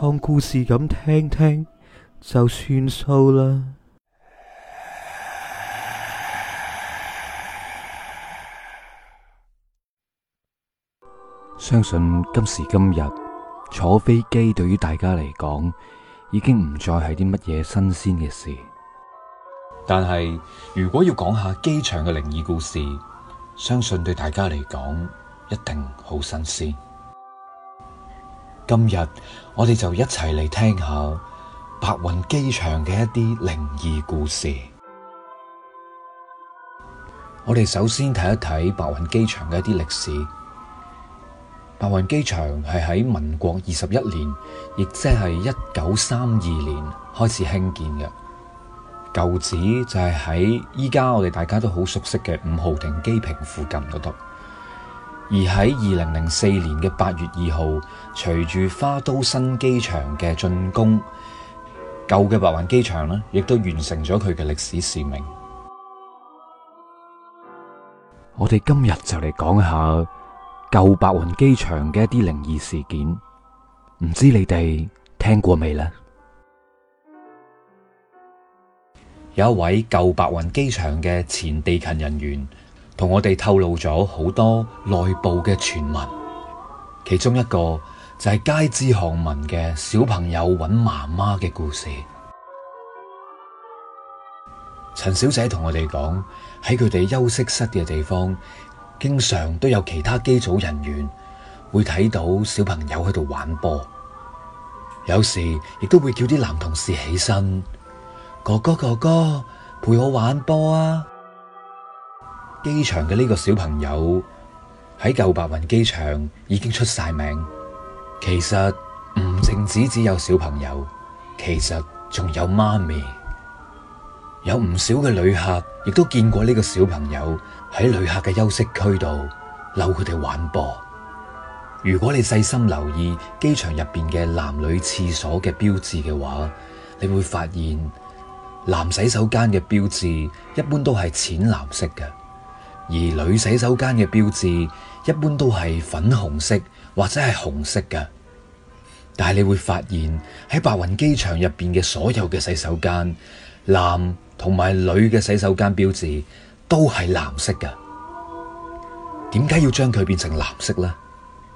當故事咁聽聽，就算數啦。相信今時今日，坐飛機對於大家嚟講，已經唔再係啲乜嘢新鮮嘅事。但係，如果要講下機場嘅靈異故事，相信對大家嚟講一定好新鮮。今日我哋就一齊嚟聽下白雲機場嘅一啲靈異故事。我哋首先睇一睇白雲機場嘅一啲歷史。白雲機場係喺民國二十一年，亦即係一九三二年開始興建嘅。舊址就係喺依家我哋大家都好熟悉嘅五號停機坪附近嗰度。而喺二零零四年嘅八月二號，隨住花都新機場嘅竣工，舊嘅白雲機場呢亦都完成咗佢嘅歷史使命。我哋今日就嚟講下舊白雲機場嘅一啲靈異事件，唔知你哋聽過未呢？有一位舊白雲機場嘅前地勤人員。同我哋透露咗好多內部嘅傳聞，其中一個就係街知巷聞嘅小朋友揾媽媽嘅故事。陳小姐同我哋講，喺佢哋休息室嘅地方，經常都有其他機組人員會睇到小朋友喺度玩波，有時亦都會叫啲男同事起身，哥哥哥哥陪我玩波啊！機場嘅呢個小朋友喺舊白雲機場已經出晒名。其實唔淨止只有小朋友，其實仲有媽咪，有唔少嘅旅客亦都見過呢個小朋友喺旅客嘅休息區度溜佢哋玩波。如果你細心留意機場入邊嘅男女廁所嘅標誌嘅話，你會發現男洗手間嘅標誌一般都係淺藍色嘅。而女洗手間嘅標誌一般都係粉紅色或者係紅色㗎，但係你會發現喺白雲機場入邊嘅所有嘅洗手間男同埋女嘅洗手間標誌都係藍色㗎。點解要將佢變成藍色呢？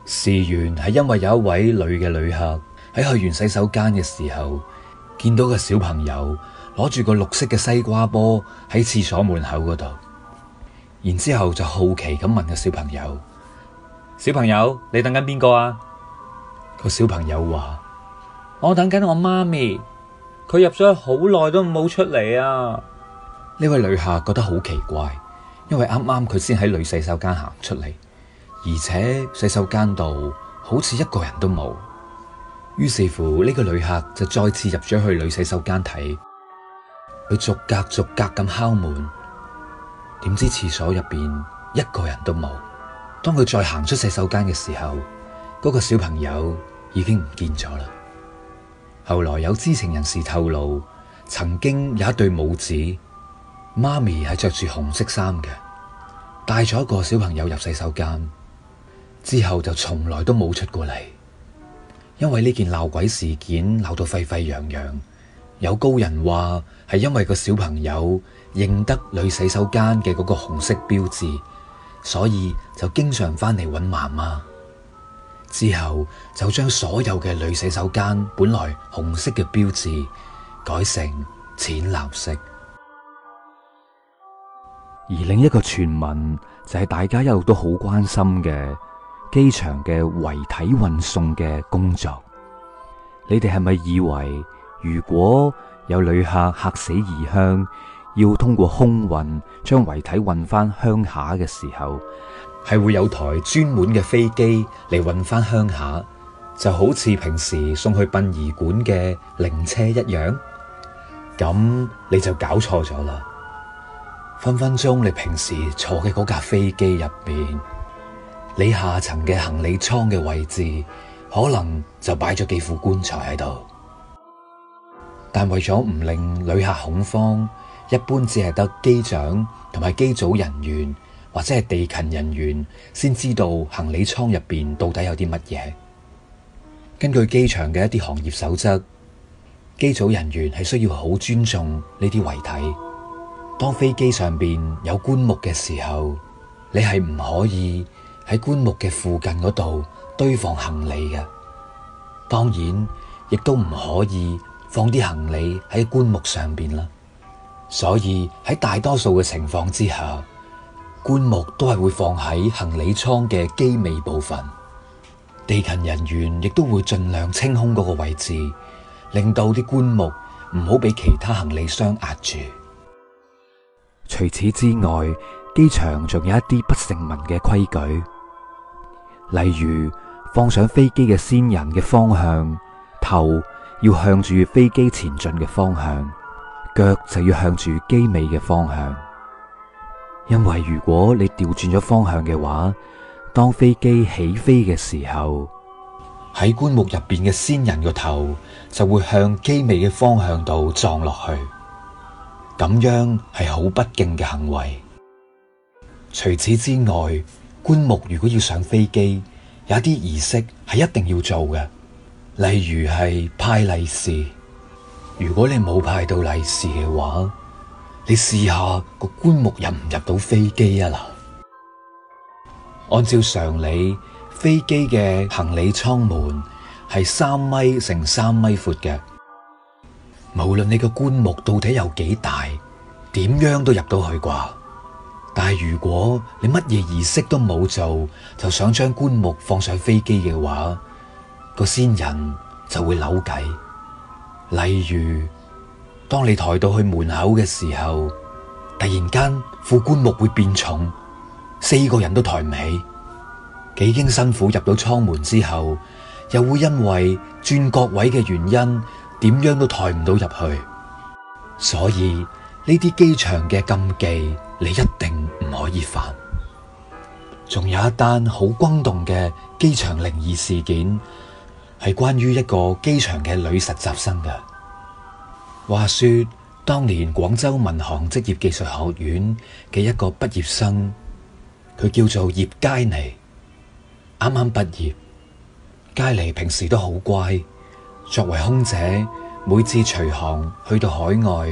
事緣係因為有一位女嘅旅客喺去完洗手間嘅時候，見到個小朋友攞住個綠色嘅西瓜波喺廁所門口嗰度。然之後就好奇咁問個小朋友：小朋友，你等緊邊個啊？個小朋友話：我等緊我媽咪，佢入咗去好耐都冇出嚟啊！呢位旅客覺得好奇怪，因為啱啱佢先喺女洗手間行出嚟，而且洗手間度好似一個人都冇。於是乎，呢個旅客就再次入咗去女洗手間睇，佢逐格逐格咁敲門。點知廁所入邊一個人都冇？當佢再行出洗手間嘅時候，嗰個小朋友已經唔見咗啦。後來有知情人士透露，曾經有一對母子，媽咪係着住紅色衫嘅，帶咗個小朋友入洗手間，之後就從來都冇出過嚟。因為呢件鬧鬼事件鬧到沸沸揚揚。有高人話係因為個小朋友認得女洗手間嘅嗰個紅色標誌，所以就經常翻嚟揾媽媽。之後就將所有嘅女洗手間本來紅色嘅標誌改成淺藍色。而另一個傳聞就係大家一路都好關心嘅機場嘅遺體運送嘅工作，你哋係咪以為？如果有旅客客死異鄉，要通過空運將遺體運翻鄉下嘅時候，係會有台專門嘅飛機嚟運翻鄉下，就好似平時送去殯儀館嘅靈車一樣。咁你就搞錯咗啦，分分鐘你平時坐嘅嗰架飛機入邊，你下層嘅行李艙嘅位置，可能就擺咗幾副棺材喺度。但為咗唔令旅客恐慌，一般只係得機長同埋機組人員或者係地勤人員先知道行李艙入邊到底有啲乜嘢。根據機場嘅一啲行業守則，機組人員係需要好尊重呢啲遺體。當飛機上邊有棺木嘅時候，你係唔可以喺棺木嘅附近嗰度堆放行李嘅。當然，亦都唔可以放啲行李喺棺木上邊啦，所以喺大多數嘅情況之下，棺木都係會放喺行李艙嘅機尾部分。地勤人員亦都會盡量清空嗰個位置，令到啲棺木唔好俾其他行李箱壓住。除此之外，機場仲有一啲不成文嘅規矩，例如放上飛機嘅先人嘅方向頭。要向住飛機前進嘅方向，腳就要向住機尾嘅方向。因為如果你調轉咗方向嘅話，當飛機起飛嘅時候，喺棺木入邊嘅先人個頭就會向機尾嘅方向度撞落去。咁樣係好不敬嘅行為。除此之外，棺木如果要上飛機，有啲儀式係一定要做嘅。例如係派利是，如果你冇派到利是嘅話，你試下個棺木入唔入到飛機啊？啦，按照常理，飛機嘅行李艙門係三米乘三米闊嘅，無論你個棺木到底有幾大，點樣都入到去啩？但係如果你乜嘢儀式都冇做，就想將棺木放上飛機嘅話，個先人就會扭計，例如當你抬到去門口嘅時候，突然間副棺木會變重，四個人都抬唔起，幾經辛苦入到艙門之後，又會因為轉角位嘅原因，點樣都抬唔到入去，所以呢啲機場嘅禁忌，你一定唔可以犯。仲有一單好轟動嘅機場靈異事件。係關於一個機場嘅女實習生嘅。話說當年廣州民航職業技術學院嘅一個畢業生，佢叫做葉佳妮，啱啱畢業。佳妮平時都好乖，作為空姐，每次隨航去到海外，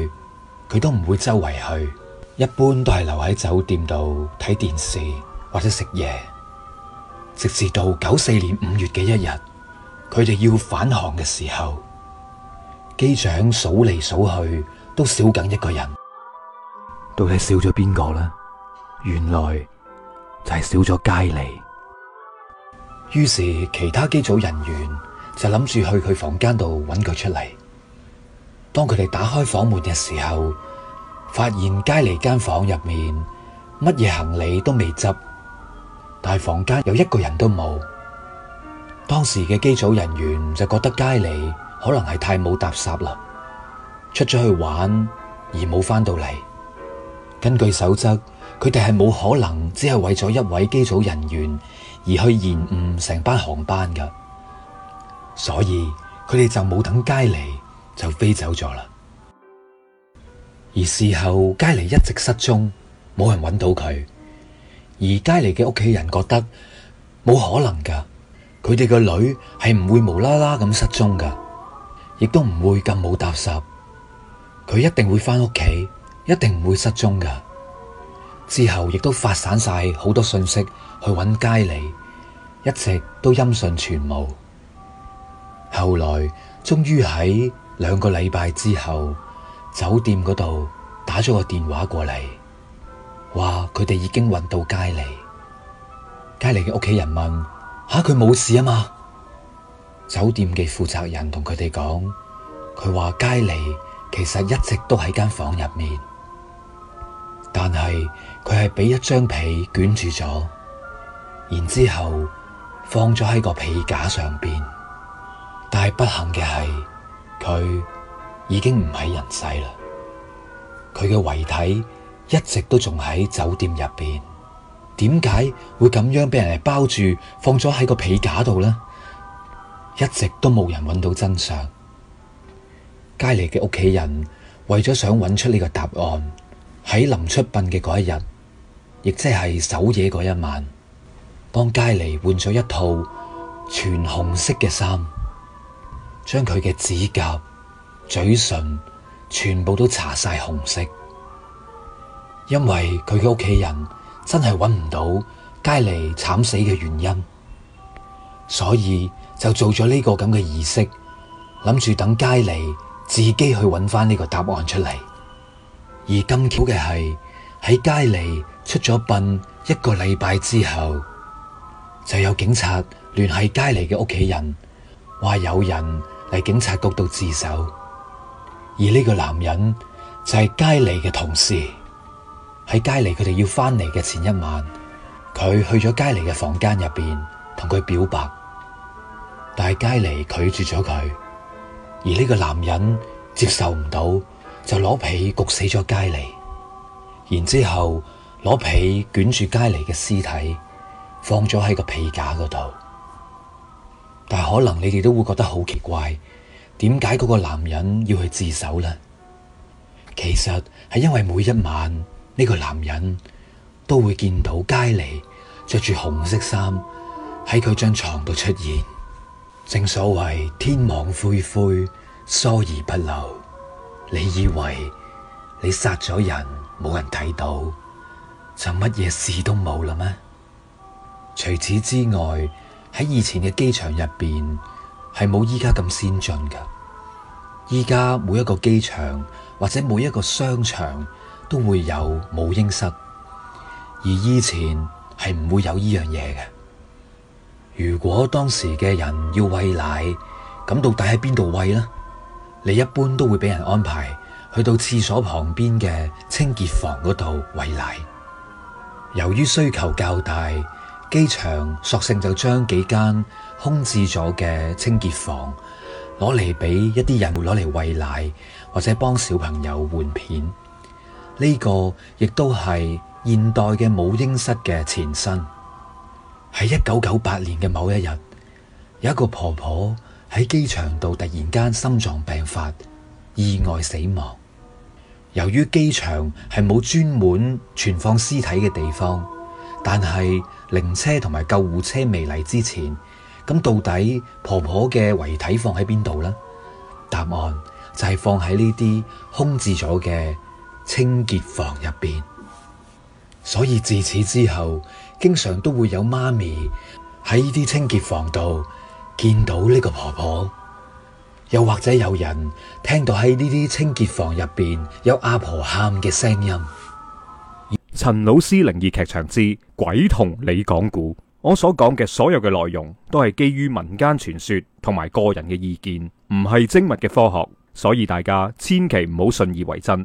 佢都唔會周圍去，一般都係留喺酒店度睇電視或者食嘢，直至到九四年五月嘅一日。佢哋要返航嘅時候，機長數嚟數去都少緊一個人，到底少咗邊個呢？原來就係少咗佳妮。於是其他機組人員就諗住去佢房間度揾佢出嚟。當佢哋打開房門嘅時候，發現佳妮間房入面乜嘢行李都未執，但係房間有一個人都冇。當時嘅機組人員就覺得佳妮可能係太冇踏實啦，出咗去玩而冇翻到嚟。根據守則，佢哋係冇可能只係為咗一位機組人員而去延誤成班航班噶，所以佢哋就冇等佳妮就飛走咗啦。而事後佳妮一直失蹤，冇人揾到佢，而佳妮嘅屋企人覺得冇可能噶。佢哋個女係唔會無啦啦咁失蹤噶，亦都唔會咁冇踏實。佢一定會翻屋企，一定唔會失蹤噶。之後亦都發散晒好多信息去搵佳妮，一直都音訊全無。後來終於喺兩個禮拜之後，酒店嗰度打咗個電話過嚟，話佢哋已經搵到佳妮。佳妮嘅屋企人問。吓，佢冇事啊嘛？酒店嘅負責人同佢哋講，佢話佳妮其實一直都喺間房入面，但係佢係俾一張被捲住咗，然之後放咗喺個被架上邊，但係不幸嘅係佢已經唔喺人世啦，佢嘅遺體一直都仲喺酒店入邊。點解會咁樣俾人嚟包住，放咗喺個被架度呢？一直都冇人揾到真相。佳妮嘅屋企人為咗想揾出呢個答案，喺臨出殯嘅嗰一日，亦即係守夜嗰一晚，幫佳妮換咗一套全紅色嘅衫，將佢嘅指甲、嘴唇全部都搽晒紅色，因為佢嘅屋企人。真係揾唔到佳妮慘死嘅原因，所以就做咗呢個咁嘅儀式，諗住等佳妮自己去揾翻呢個答案出嚟。而咁巧嘅係喺佳妮出咗殯一個禮拜之後，就有警察聯繫佳妮嘅屋企人，話有人嚟警察局度自首，而呢個男人就係佳妮嘅同事。喺佳妮佢哋要翻嚟嘅前一晚，佢去咗佳妮嘅房間入邊同佢表白，但係佳妮拒絕咗佢，而呢個男人接受唔到，就攞被焗死咗佳妮，然之後攞被捲住佳妮嘅屍體放咗喺個被架嗰度。但係可能你哋都會覺得好奇怪，點解嗰個男人要去自首呢？其實係因為每一晚。呢個男人都會見到佳妮着住紅色衫喺佢張床度出現。正所謂天網恢恢，疏而不漏。你以為你殺咗人冇人睇到，就乜嘢事都冇啦咩？除此之外，喺以前嘅機場入邊係冇依家咁先進噶。依家每一個機場或者每一個商場。都會有母嬰室，而以前係唔會有依樣嘢嘅。如果當時嘅人要餵奶，咁到底喺邊度餵呢？你一般都會俾人安排去到廁所旁邊嘅清潔房嗰度餵奶。由於需求較大，機場索性就將幾間空置咗嘅清潔房攞嚟俾一啲人會攞嚟餵奶，或者幫小朋友換片。呢個亦都係現代嘅母嬰室嘅前身。喺一九九八年嘅某一日，有一個婆婆喺機場度突然間心臟病發，意外死亡。由於機場係冇專門存放屍體嘅地方，但係靈車同埋救護車未嚟之前，咁到底婆婆嘅遺體放喺邊度呢？答案就係放喺呢啲空置咗嘅清潔房入邊，所以自此之後，經常都會有媽咪喺呢啲清潔房度見到呢個婆婆，又或者有人聽到喺呢啲清潔房入邊有阿婆喊嘅聲音。陳老師靈異劇場之鬼同你講故，我所講嘅所有嘅內容都係基於民間傳說同埋個人嘅意見，唔係精密嘅科學，所以大家千祈唔好信以為真。